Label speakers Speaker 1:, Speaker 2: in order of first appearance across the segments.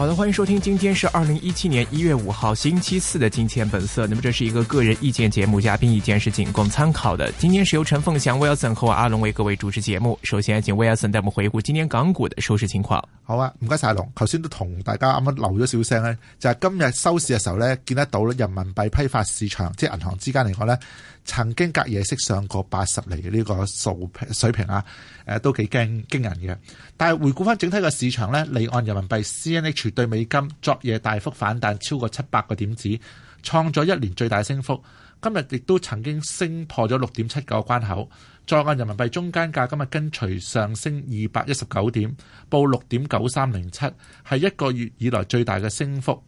Speaker 1: 好的，歡迎收聽，今天是二零一七年一月五號星期四的金錢本色。那麼這是一個個人意見節目，嘉賓意見是僅供參考的。今天是由陳鳳翔 Wilson 和我阿龍為各位主持節目。首先請 Wilson 帶我們回顧今天港股的收市情況。
Speaker 2: 好啊，唔該晒龍，頭先都同大家啱啱留咗少聲呢，就係今日收市嘅時候呢，見得到人民幣批發市場即係銀行之間嚟講呢。曾經隔夜息上過八十厘嘅呢個數水平啊，都幾驚驚人嘅。但係回顧翻整體嘅市場呢，離岸人民幣 CNH 對美金昨夜大幅反彈超過七百個點子，創咗一年最大升幅。今日亦都曾經升破咗六點七九關口。在岸人民幣中間價今日跟隨上升二百一十九點，報六點九三零七，係一個月以來最大嘅升幅。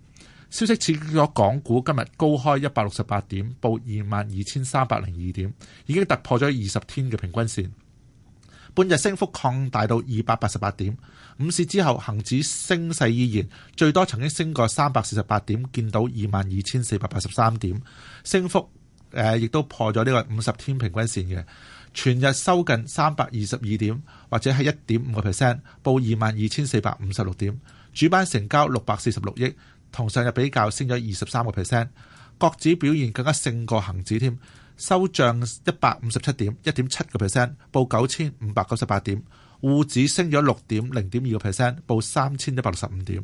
Speaker 2: 消息刺激咗港股今日高開一百六十八點，報二萬二千三百零二點，已經突破咗二十天嘅平均線。半日升幅擴大到二百八十八點，午市之後恒指升勢依然，最多曾經升過三百四十八點，見到二萬二千四百八十三點，升幅誒亦都破咗呢個五十天平均線嘅。全日收近三百二十二點，或者係一點五個 percent，報二萬二千四百五十六點，主板成交六百四十六億。同上日比較，升咗二十三個 percent。國指表現更加勝過恒指，添收漲一百五十七點，一點七個 percent，報九千五百九十八點。滬指升咗六點零點二個 percent，報三千一百六十五點。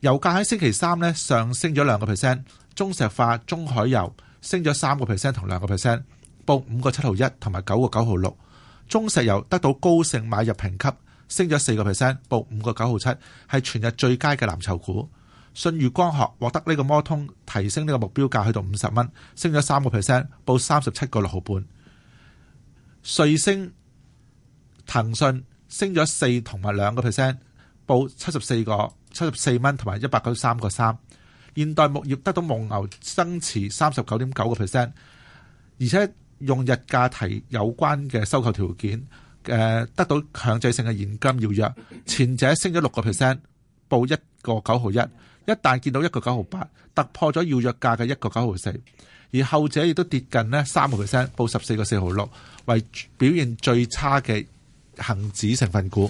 Speaker 2: 油價喺星期三呢，上升咗兩個 percent。中石化、中海油升咗三個 percent 同兩個 percent，報五個七毫一，同埋九個九毫六。中石油得到高盛買入評級，升咗四個 percent，報五個九毫七，係全日最佳嘅藍籌股。信裕光學獲得呢個摩通提升呢個目標價去到五十蚊，升咗三個 percent，報三十七個六毫半。瑞星、騰訊升咗四同埋兩個 percent，報七十四個七十四蚊同埋一百九十三個三。現代牧業得到蒙牛增持三十九點九個 percent，而且用日價提有關嘅收購條件，誒得到強制性嘅現金要約，前者升咗六個 percent，報一個九毫一。一旦見到一個九毫八突破咗要約價嘅一個九毫四，而後者亦都跌近咧三個 percent，報十四個四毫六，為表現最差嘅恒指成分股。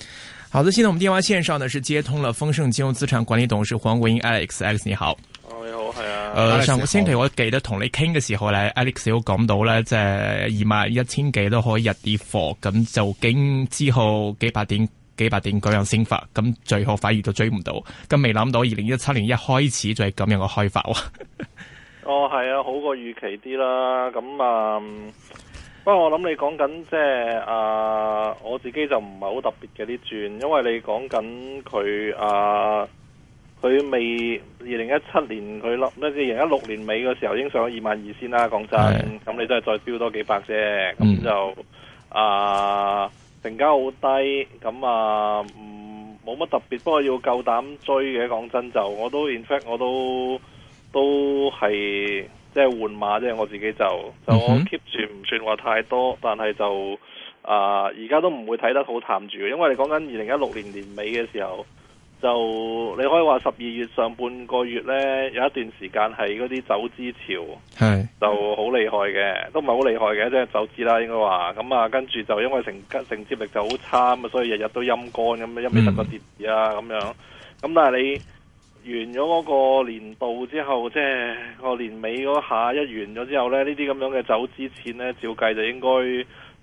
Speaker 2: 好的，現在我哋電話線上呢，是接通了豐盛
Speaker 1: 金融資產管理董事黃國英 Alex，Alex Alex，你好。你好，係啊、呃。上個星期我記得同你傾嘅時候咧，Alex 都講到咧，即係二萬一千幾都可以入啲貨，咁就經之後幾百點。幾百點咁樣升法，咁最後反而都追唔到，咁未諗到二零一七年一開始就係咁樣個開發
Speaker 3: 喎。 哦，係啊，好過預期啲啦。咁啊、嗯，不過我諗你講緊即係啊，我自己就唔係好特別嘅啲轉，因為你講緊佢啊，佢、呃、未二零一七年佢諗咩嘅二零一六年尾嘅時候已經上咗二萬二線啦。講真，咁是你都係再飆多幾百啫，咁就啊。嗯呃成交好低，咁啊，唔冇乜特別，不過要夠膽追嘅，講真就，我都 in fact 我都都係即係換馬啫，我自己就就我 keep 住唔算話太多，但係就啊，呃、而家都唔會睇得好淡住，因為你哋講緊二零一六年年尾嘅時候。就你可以話十二月上半個月呢，有一段時間係嗰啲走資潮，係是就好厲害嘅，都唔係好厲害嘅，即係走資啦，應該話咁啊。跟住就因為成承，承接力就好差，啊，所以日日都陰乾咁啊，一味得個跌啊，咁樣。咁但係你完咗嗰個年度之後，即係個年尾嗰下一完咗之後呢，呢啲咁樣嘅走資錢呢，照計就應該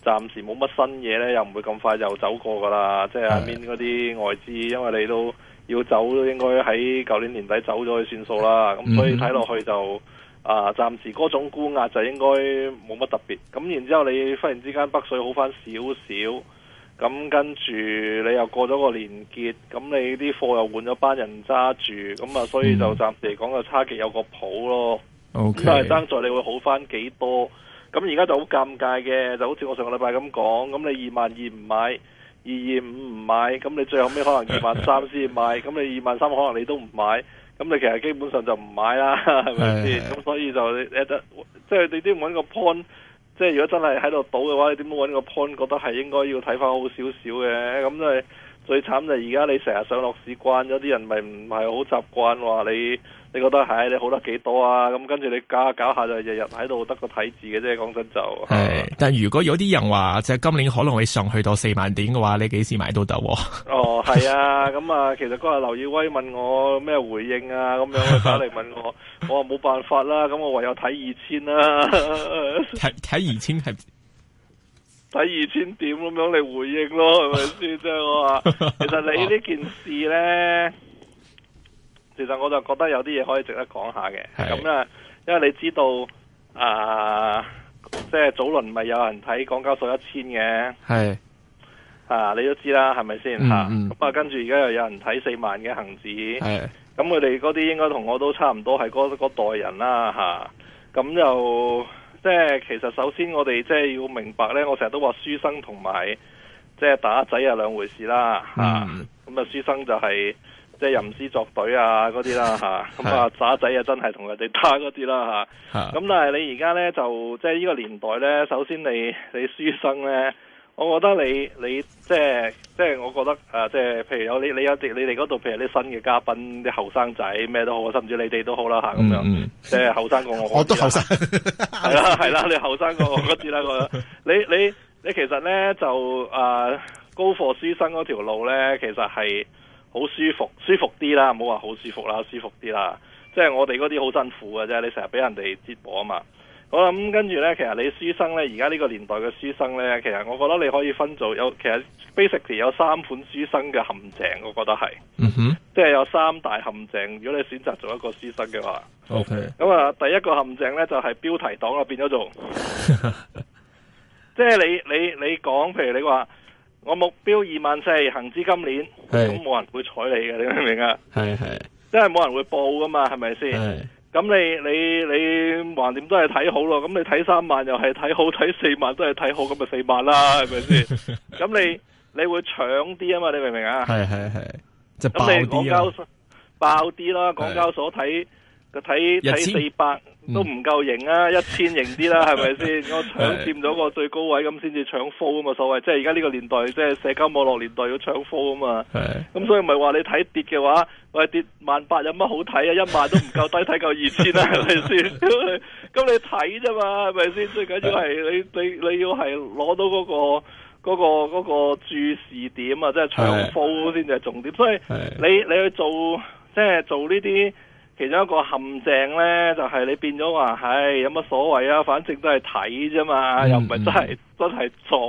Speaker 3: 暫時冇乜新嘢呢，又唔會咁快又走過噶啦。即係下面嗰啲外資，因為你都。要走都應該喺舊年年底走咗去算數啦，咁所以睇落去就、嗯、啊，暫時嗰種估壓就應該冇乜特別。咁然之後你忽然之間北水好翻少少，咁跟住你又過咗個年結，咁你啲貨又換咗班人揸住，咁啊所以就暫時嚟講個差極有個譜咯。O K、嗯、但係爭在你會好翻幾多？咁而家就好尷尬嘅，就好似我上個禮拜咁講，咁你二萬二唔買。二二五唔買，咁你最後尾可能二萬三先買，咁 你二萬三可能你都唔買，咁你其實基本上就唔買啦，係咪先？咁是所以就你得、呃呃，即係你都要揾個 point，即係如果真係喺度賭嘅話，你點樣揾個 point？覺得係應該要睇翻好少少嘅，咁就最慘就而家你成日上落市慣咗，啲人咪唔係好習慣喎，你。你覺得係你好得幾多啊？咁跟住你搞下搞下就日日喺度得個睇字嘅啫。講真就係，
Speaker 1: 但係如果有啲人話即係今年可能會上去到四萬點嘅話，你幾時買都得喎。
Speaker 3: 哦，係啊，咁、嗯、啊，其實嗰日劉耀威問我咩回應啊，咁樣嚟問我，我話冇辦法啦，咁我唯有睇二千啦。
Speaker 1: 睇睇二千係
Speaker 3: 睇二千點咁樣嚟回應咯，係咪先？即係我話其實你呢件事咧。其實我就覺得有啲嘢可以值得講下嘅，咁啊是、嗯，因為你知道啊，即係早輪咪有人睇港交所一千嘅，係是啊，你都知啦，係咪先嚇？咁、嗯嗯、啊，跟住而家又有人睇四萬嘅恒指，係咁是，佢哋嗰啲應該同我都差唔多是、那個，係嗰代人啦嚇。咁、啊嗯嗯、就即係其實首先我哋即係要明白呢，我成日都話書生同埋即係打仔係兩回事啦
Speaker 1: 嚇。
Speaker 3: 咁啊，嗯、就書生就係、是。即係吟詩作對啊，嗰啲啦吓，咁啊渣仔啊真係同佢哋打嗰啲啦吓。咁、嗯、但係你而家咧就即係呢個年代咧，首先你你書生咧，我覺得你你即係即係，我覺得誒、呃、即係，譬如有你你有你哋嗰度，譬如啲新嘅嘉賓，啲後生仔咩都好，甚至你哋都好啦吓咁樣。嗯、即係後生過我，我都後生，係啦係啦，你後生過我嗰啲啦我。你你你其實咧就誒 go for 書生嗰條路咧，其實係。好舒服，舒服啲啦，唔好話好舒服啦，舒服啲啦。即係我哋嗰啲好辛苦嘅啫，你成日俾人哋折磨啊嘛。我諗跟住呢，其實你書生呢，而家呢個年代嘅書生呢，其實我覺得你可以分做有，其實 basically 有三款書生嘅陷阱，我覺得係，嗯哼即係有三大陷阱。如果你選擇做一個書生嘅話，OK。咁啊，第一個陷阱呢，就係標題黨啊，變咗做， 即係你你你講，譬如你話。我目標二萬四行至今年，咁冇是人會睬你嘅，你明唔明啊？
Speaker 1: 係
Speaker 3: 係是，因為冇人會報噶嘛，係咪先？咁是你你你橫掂都係睇好咯，咁你睇三萬又係睇好，睇四萬都係睇好，咁咪四萬啦，係咪先？咁 你你會搶啲啊嘛？你明唔明啊？
Speaker 1: 係係係，咁你港交
Speaker 3: 所爆啲啦，港交所睇。是是個睇睇四百都唔夠型啊，一千型啲啦，係咪先？我搶佔咗個最高位咁，先至搶火啊嘛，所謂即係而家呢個年代，即係社交網絡年代要搶火啊嘛。咁是所以唔係話你睇跌嘅話，喂跌萬八有乜好睇啊？一萬都唔夠低，睇夠二千啦，係咪先？咁 你睇啫嘛，係咪先？最緊要係你你你要係攞到嗰、那個嗰、那個嗰、那個注視點啊，即係搶火先至係重點。是所以是你你去做即係、就是、做呢啲。其中一個陷阱呢，就係、是、你變咗話，唉，有乜所謂啊？反正都係睇啫嘛，嗯、又唔係真係真係做，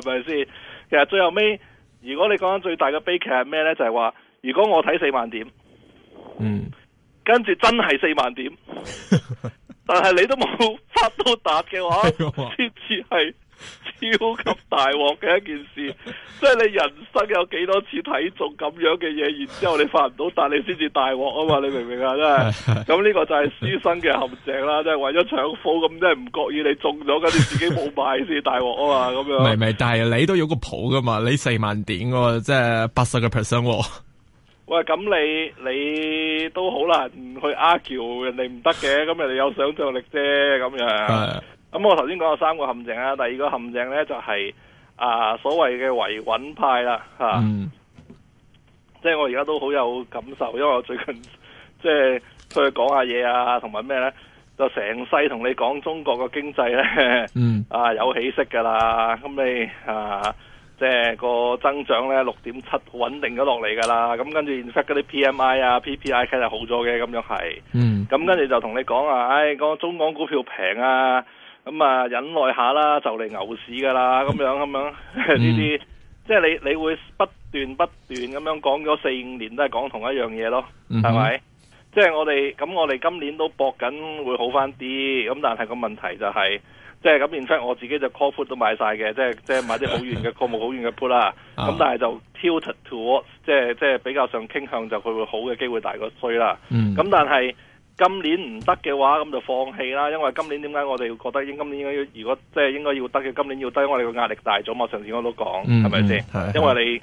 Speaker 3: 係咪先？其實最後尾，如果你講緊最大嘅悲劇係咩呢？就係、是、話，如果我睇四萬點，嗯，跟住真係四萬點， 但係你都冇發到達嘅話，先至係。超級大鑊嘅一件事，即係你人生有幾多次睇中咁樣嘅嘢，然之後你發唔到，但你先至大鑊啊嘛，你明唔明啊？真係咁呢個就係書生嘅陷阱啦，即係為咗搶貨咁，即係唔覺意你中咗嗰啲自己冇買先大鑊啊嘛，咁樣。明係唔
Speaker 1: 係，但係你都有個譜噶嘛，你四萬點、哦，即係八十個 percent。哦、
Speaker 3: 喂，咁你你都好難去 argue、er, 人哋唔得嘅，咁人哋有想象力啫，咁樣。 咁我頭先講有三個陷阱啊，第二個陷阱呢，就係、是、啊所謂嘅維穩派啦，吓、啊，嗯、即係我而家都好有感受，因為我最近即係出去講下嘢啊，同埋咩呢？就成世同你講中國嘅經濟呢，嗯、啊有起色噶啦，咁、嗯、你啊即係、那個增長呢，六點七穩定咗落嚟噶啦，咁跟住 reflect 嗰啲 PMI 啊 PPI 其實好咗嘅，咁樣係，咁跟住就同你講啊，唉、嗯哎講中港股票平啊。咁啊、嗯，忍耐下啦，就嚟牛市噶啦，咁樣咁樣呢啲，mm hmm. 即係你你會不斷不斷咁樣講咗四五年，都係講同一樣嘢咯，係咪、mm hmm.？即係我哋咁，我哋今年都搏緊會好翻啲，咁但係個問題就係、是，即係咁，in fact 我自己就 call put 都買晒嘅，即係即係買啲好遠嘅，過目好遠嘅 put 啦，咁但係就 tilted towards，即係即係比較上傾向就佢會好嘅機會大過衰啦，咁、mm hmm. 但係。今年唔得嘅話，咁就放棄啦。因為今年點解我哋要覺得應今年應該要，如果即係應該要得嘅，今年要低，因為我哋個壓力大咗嘛？上次我都講，係咪先？
Speaker 1: 係、嗯、因為你，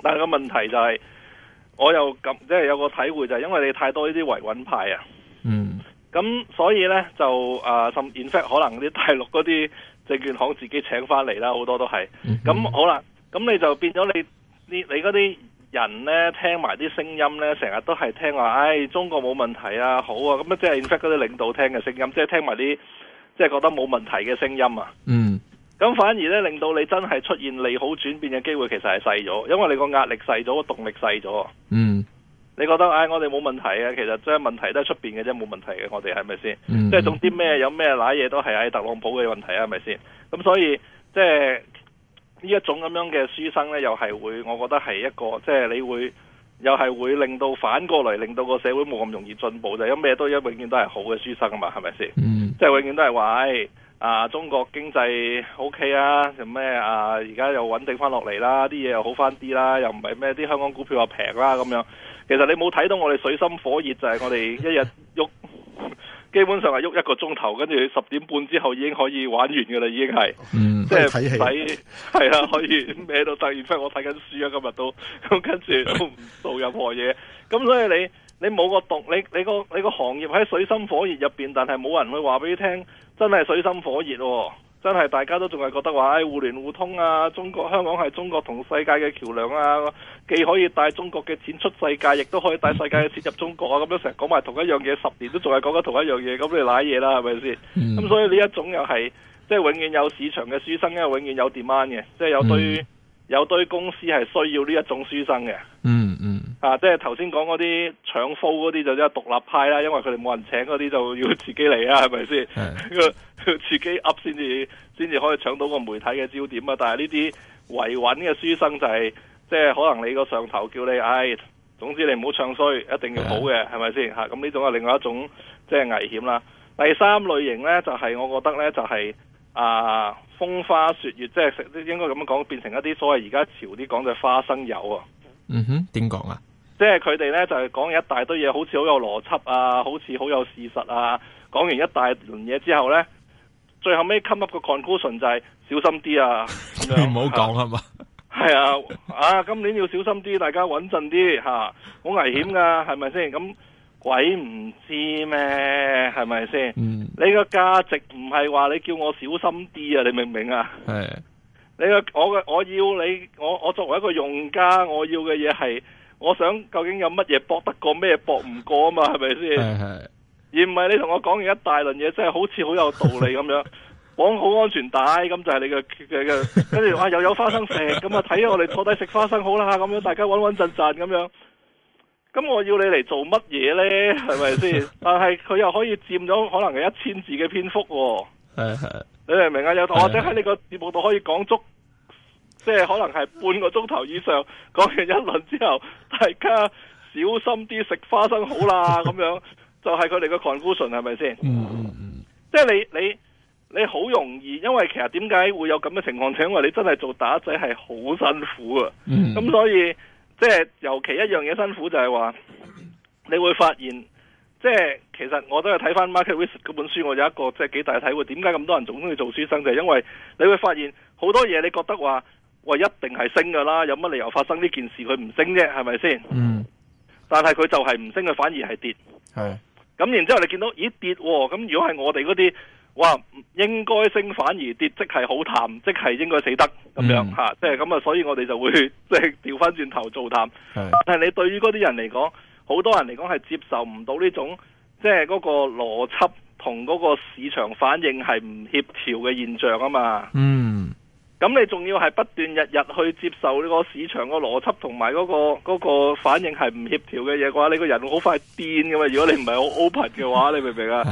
Speaker 3: 但係個問題就係、是，我又咁、呃、即係有個體會就係，因為你太多呢啲維穩派啊。嗯。咁所以咧就啊，甚、呃、至可能啲大陸嗰啲證券行自己請翻嚟啦，好多都係。咁、嗯、哼好啦，咁你就變咗你你你嗰啲。人咧，聽埋啲聲音咧，成日都係聽話，唉、哎，中國冇問題啊，好啊，咁即係 in fact 嗰啲領導聽嘅聲音，即係聽埋啲，即係覺得冇問題嘅聲音啊。嗯。咁反而咧，令到你真係出現利好轉變嘅機會，其實係細咗，因為你個壓力細咗，個動力細咗。嗯。你覺得唉、哎，我哋冇問題啊，其實即係問題都係出邊嘅啫，冇問題嘅，我哋係咪先？是是嗯、即係仲啲咩有咩瀨嘢都係喺、哎、特朗普嘅問題啊？係咪先？咁所以即係。呢一種咁樣嘅書生呢，又係會，我覺得係一個，即係你會，又係會令到反過來，令到個社會冇咁容易進步，就係因為都一永遠都係好嘅書生啊嘛，係咪先？嗯，即係永遠都係話，哎，啊，中國經濟 OK 啊，又咩啊，而家又穩定翻落嚟啦，啲嘢又好翻啲啦，又唔係咩，啲香港股票又平啦咁樣。其實你冇睇到我哋水深火熱，就係我哋一日喐。 基本上係喐一個鐘頭，跟住十點半之後已經可以玩完嘅啦，已經係，嗯、即係是睇戲，係啊看，可以歪到第二分。我睇緊書啊，今日都跟住都唔做任何嘢。咁所以你你冇個讀，你個毒你，你個你個行業喺水深火熱入邊，但係冇人去話俾你聽，真係水深火熱喎、哦。真係大家都仲係覺得話、哎、互聯互通啊，中國香港係中國同世界嘅橋梁啊，既可以帶中國嘅錢出世界，亦都可以帶世界嘅錢入中國啊，咁樣成日講埋同一樣嘢，十年都仲係講緊同一樣嘢，咁你瀨嘢啦係咪先？咁、嗯嗯、所以呢一種又係即係永遠有市場嘅書生，因為永遠有 demand 嘅，即、就、係、是、有對。嗯有堆公司係需要呢一種書生嘅、嗯，嗯嗯，啊，即係頭先講嗰啲搶 show 嗰啲就即係獨立派啦，因為佢哋冇人請嗰啲就要自己嚟啊，係咪先？是的 自己 up 先至先至可以搶到個媒體嘅焦點啊！但係呢啲維穩嘅書生就係即係可能你個上頭叫你，唉、哎，總之你唔好唱衰，一定要好嘅，係咪先？嚇，咁、啊、呢種係另外一種即係、就是、危險啦。第三類型呢，就係、是、我覺得呢，就係、是、啊。風花雪月，即係食，應該咁樣講，變成一啲所謂而家潮啲講嘅花生油
Speaker 1: 啊！嗯哼，點講啊？
Speaker 3: 即係佢哋呢，就係、是、講一大堆嘢，好似好有邏輯啊，好似好有事實啊。講完一大輪嘢之後呢，最後尾 come up 個 conclusion 就係、是、小心啲啊！
Speaker 1: 唔好講係嘛，
Speaker 3: 係啊！是啊， 啊，今年要小心啲，大家穩陣啲吓，好、啊、危險噶，係咪先咁？鬼唔知咩，係咪先？嗯、你個價值唔係話你叫我小心啲啊，你明唔明啊？係
Speaker 1: 是
Speaker 3: 你個我嘅，我要你我我作為一個用家，我要嘅嘢係我想究竟有乜嘢搏得過咩搏唔過啊嘛？係咪先？係而唔係你同我講完一大輪嘢，真係好似好有道理咁樣，綁好 安全帶咁就係、是、你嘅嘅跟住話又有花生食咁啊，睇 下我哋坐低食花生好啦，咁樣大家穩穩陣陣咁樣。咁我要你嚟做乜嘢呢？係咪先？ 但係佢又可以佔咗可能係一千字嘅篇幅。係係，你明唔明啊？有 或者喺你個節目度可以講足，即係 可能係半個鐘頭以上，講完一輪之後，大家小心啲食花生好啦，咁樣就係、是、佢哋嘅 conclusion 係咪先？嗯嗯即係你你你好容易，因為其實點解會有咁嘅情況？請問你真係做打仔係好辛苦啊！咁 所以。即係尤其一樣嘢辛苦就係話，你會發現，即係其實我都係睇翻 Market Wizards 嗰本書，我有一個即係幾大體會。點解咁多人總中意做書生就係、是、因為你會發現好多嘢你覺得話，喂，一定係升噶啦，有乜理由發生呢件事佢唔升啫？係咪先？嗯。但係佢就係唔升，佢、嗯、反而係跌。係。咁然之後你見到咦跌？咁如果係我哋嗰啲。哇，應該升反而跌，即係好淡，即係應該死得咁樣吓，即係咁啊！所以我哋就會即係調翻轉頭做淡。是的 但係你對於嗰啲人嚟講，好多人嚟講係接受唔到呢種，即係嗰個邏輯同嗰個市場反應係唔協調嘅現象啊嘛。
Speaker 1: 嗯。
Speaker 3: 咁你仲要係不斷日日去接受呢個市場個邏輯同埋嗰個嗰個反應係唔協調嘅嘢嘅話，你個人會好快癲噶嘛？如果你唔係好 open 嘅話，你明唔明啊？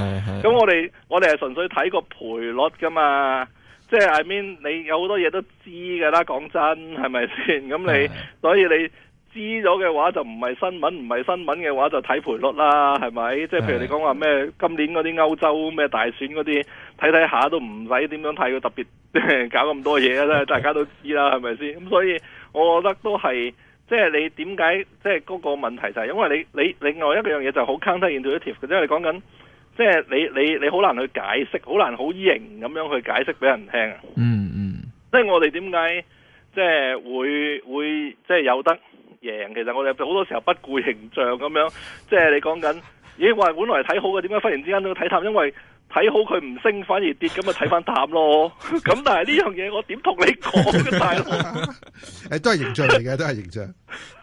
Speaker 3: 咁 我哋我哋係純粹睇個賠率噶嘛，即係 I mean 你有好多嘢都知噶啦，講真係咪先？咁你 所以你。知咗嘅話就唔係新聞，唔係新聞嘅話就睇賠率啦，係咪？即係譬如你講話咩今年嗰啲歐洲咩大選嗰啲，睇睇下都唔使點樣睇佢，特別搞咁多嘢，大家都知啦，係咪先？咁所以我覺得都係，即係你點解即係嗰個問題就係因為你你另外一樣嘢就好 counterintuitive，即係講緊即係你你你好難去解釋，好難好型咁樣去解釋俾人聽啊、嗯。嗯嗯，即係我哋點解即係會會即係有得？贏其實我哋好多時候不顧形象咁樣，即係你講緊，咦話本來睇好嘅，點解忽然之間都睇淡？因為睇好佢唔升，反而跌，咁咪睇返淡咯。咁但係呢樣嘢，我點同你講嘅大佬？
Speaker 2: 誒，都係形象嚟嘅。 都係形象。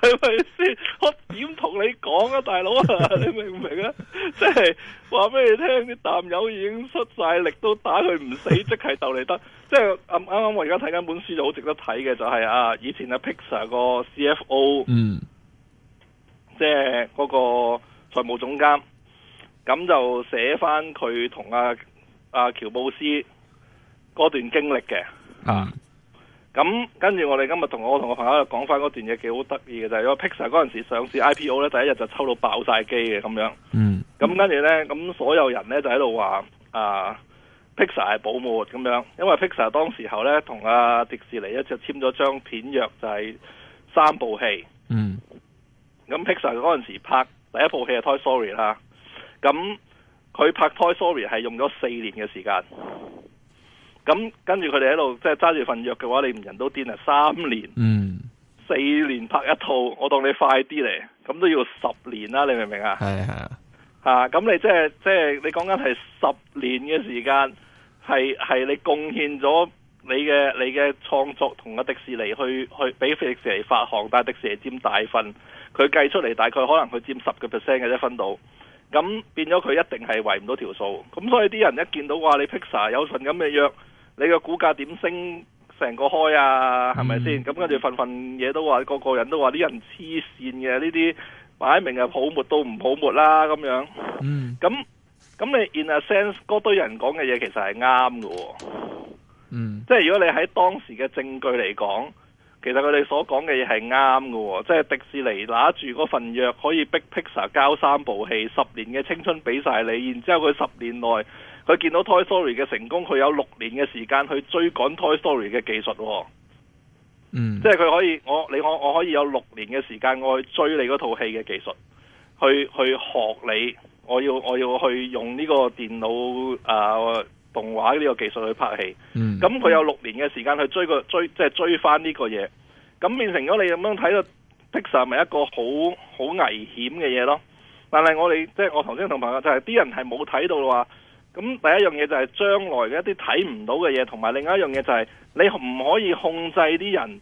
Speaker 3: 係咪先？我點同你講啊，大佬啊， 你明唔明啊？即係話俾你聽，啲男友已經出晒力，都打佢唔死，即係鬥嚟得。 即係啱啱我而家睇緊本書就好值得睇嘅，就係、是、啊，以前阿 Pixar 個 CFO，嗯，即係嗰個財務總監，咁就寫翻佢同阿阿喬布斯嗰段經歷嘅，啊、嗯。咁跟住我哋今日同我同個朋友講翻嗰段嘢，幾好得意嘅就係、是，因為 Pixar 嗰陣時上市 IPO 咧，第一日就抽到爆晒機嘅咁樣。嗯。咁跟住咧，咁所有人咧就喺度話，啊，Pixar 係寶物咁樣，因為 Pixar 當時候咧同阿迪士尼一就簽咗張片約，就係、是、三部戲。嗯。咁 Pixar 嗰陣時拍第一部戲係 Toy Story 啦，咁佢拍 Toy Story 係用咗四年嘅時間。咁跟住佢哋喺度，即係揸住份約嘅話，你唔人都癲啊！三年、嗯、四年拍一套，我當你快啲嚟，咁都要十年啦！你明唔明、嗯嗯、啊？係係啊，咁你即係即係，你講緊係十年嘅時間，係係你貢獻咗你嘅你嘅創作，同阿迪士尼去去俾迪士尼發行，但係迪士尼佔大份，佢計出嚟，大概可能佢佔十個 percent 嘅一分到，咁變咗佢一定係圍唔到條數。咁所以啲人一見到話你 Pixar 有份咁嘅約。你個股價點升成個開啊？係咪先？咁跟住份份嘢都話，個個人都話啲人黐線嘅呢啲，擺明係泡沫都唔泡沫啦咁樣。嗯。咁咁你 in a sense 嗰堆人講嘅嘢其實係啱㗎。嗯。即係如果你喺當時嘅證據嚟講，其實佢哋所講嘅嘢係啱㗎。即係迪士尼拿住嗰份約可以逼 Pixar 交三部戲十年嘅青春俾晒你，然之後佢十年內。佢見到 Toy Story 嘅成功，佢有六年嘅時間去追趕 Toy Story 嘅技術，哦。嗯，即係佢可以，我你我我可以有六年嘅時間，我去追你嗰套戲嘅技術，去去學你。我要我要去用呢個電腦啊，呃、動畫呢個技術去拍戲。嗯，咁佢有六年嘅時間去追個追，即係追翻呢個嘢。咁變成咗你咁樣睇到 Pixar 咪一個好好危險嘅嘢咯。但係我哋即係我頭先同朋友就係、是、啲人係冇睇到話。咁第一樣嘢就係將來嘅一啲睇唔到嘅嘢，同埋另外一樣嘢就係你唔可以控制啲人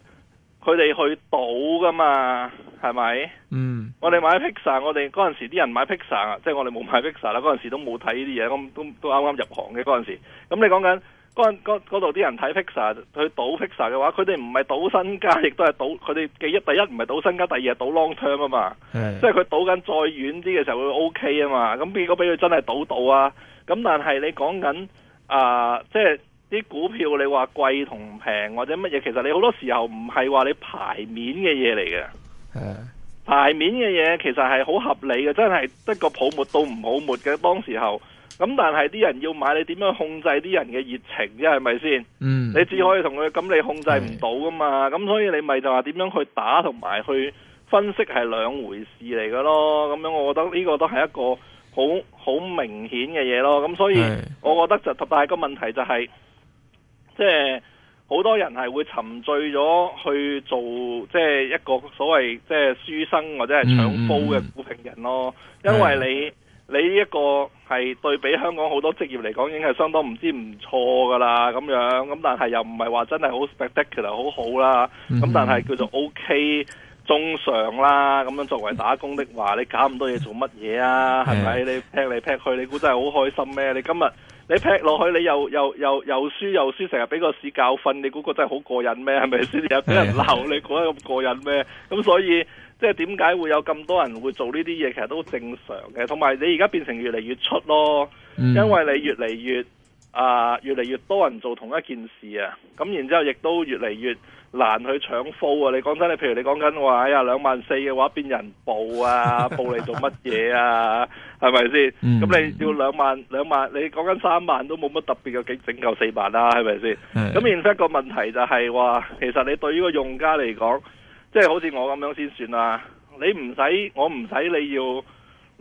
Speaker 3: 佢哋去賭㗎嘛，係咪？嗯，我哋買 Pixar，我哋嗰陣時啲人買 Pixar，即係我哋冇買 Pixar 啦。嗰陣時都冇睇呢啲嘢，咁都都啱啱入行嘅嗰陣時。咁你講緊嗰度啲人睇 Pixar，去賭 Pixar 嘅話，佢哋唔係賭身家，亦都係賭佢哋第一、第一唔係賭身家，第二係賭 long term 啊嘛，即係佢賭緊再遠啲嘅時候會 OK 啊嘛。咁結果俾佢真係賭到啊？咁但係你講緊啊，即係啲股票你話貴同平或者乜嘢，其實你好多時候唔係話你牌面嘅嘢嚟嘅，牌、uh, 面嘅嘢其實係好合理嘅，真係得個泡沫到唔泡沫嘅當時候。咁但係啲人要買，你點樣控制啲人嘅熱情啫？係咪先？嗯、mm，hmm. 你只可以同佢咁，你控制唔到噶嘛？咁、mm hmm. 所以你咪就話點樣去打同埋去分析係兩回事嚟嘅咯？咁樣我覺得呢個都係一個。好好明顯嘅嘢咯，咁所以我覺得就，是但係個問題就係、是，即係好多人係會沉醉咗去做，即、就、係、是、一個所謂即係、就是、書生或者係搶煲嘅股評人咯。嗯、因為你是你一個係對比香港好多職業嚟講，已經係相當唔知唔錯噶啦咁樣，咁但係又唔係話真係好 spectacular 好好啦，咁、嗯嗯、但係叫做 OK，中上啦，咁樣作為打工的話，你搞咁多嘢，做乜嘢啊？係咪的你劈嚟，劈去，你估真係好開心咩？你今日你劈落去，你又又又又輸又輸，成日俾個市教訓，你估個真係好過癮咩？係咪你又俾人鬧，的你估得咁過癮咩？咁所以即係點解會有咁多人會做呢啲嘢，其實都正常嘅。同埋你而家變成越嚟越出咯，因為你越嚟越啊、呃，越嚟越多人做同一件事啊，咁然之後亦都越嚟越。難去搶貨啊！你講真，你譬如你講緊話，哎呀兩萬四嘅話，邊人報啊？報你做乜嘢啊？係咪先？咁、嗯、你要兩萬兩萬，你講緊三萬都冇乜特別嘅景，整夠四萬啦、啊，係咪先？咁然之一個問題就係、是、話，其實你對於個用家嚟講，即係好似我咁樣先算啦、啊。你唔使，我唔使你要。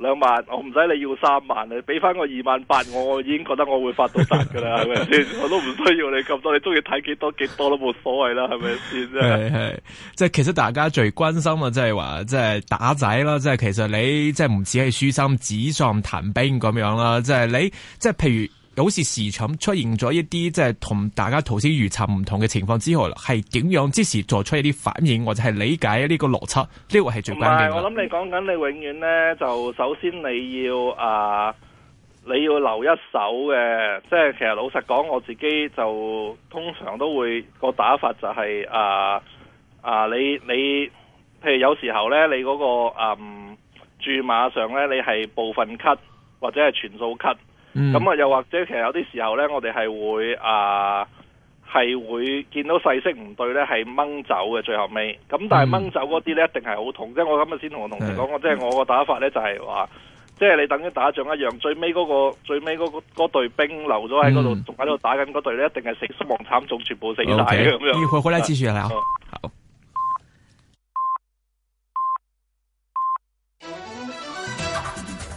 Speaker 3: 兩萬，我唔使你要三萬，你俾翻我二萬八，我已經覺得我會發到達噶啦，係咪先？我都唔需要你咁多，你中意睇幾多幾多都冇所謂啦，係咪先？係
Speaker 1: 係， 即係其實大家最關心啊，即係話即係打仔啦，即係其實你即係唔止係書生紙上談兵咁樣啦，即係你即係譬如。好似市場出現咗一啲即係同大家頭先預測唔同嘅情況，之後係點樣即時作出一啲反應，或者係理解呢個邏輯，呢個係最關鍵。唔係，我諗
Speaker 3: 你講緊你永遠呢，就首先你要啊，你要留一手嘅。即係其實老實講，我自己就通常都會、那個打法就係、是、啊啊，你你，譬如有時候呢，你嗰、那個嗯注碼上呢，你係部分 cut 或者係全數 cut。咁啊，嗯、又或者其實有啲時候咧，我哋係會啊，係會見到細息唔對咧，係掹走嘅最後尾。咁但係掹走嗰啲咧，一定係好痛。即係、嗯、我今日先同我同事講過，即係是我個打法咧就係話，即、就、係、是、你等於打仗一樣，最尾嗰、那個最尾嗰嗰隊兵留咗喺嗰度，仲喺度打緊嗰隊咧，一定係死傷亡慘重，全部死晒
Speaker 1: 咁 Okay, 樣。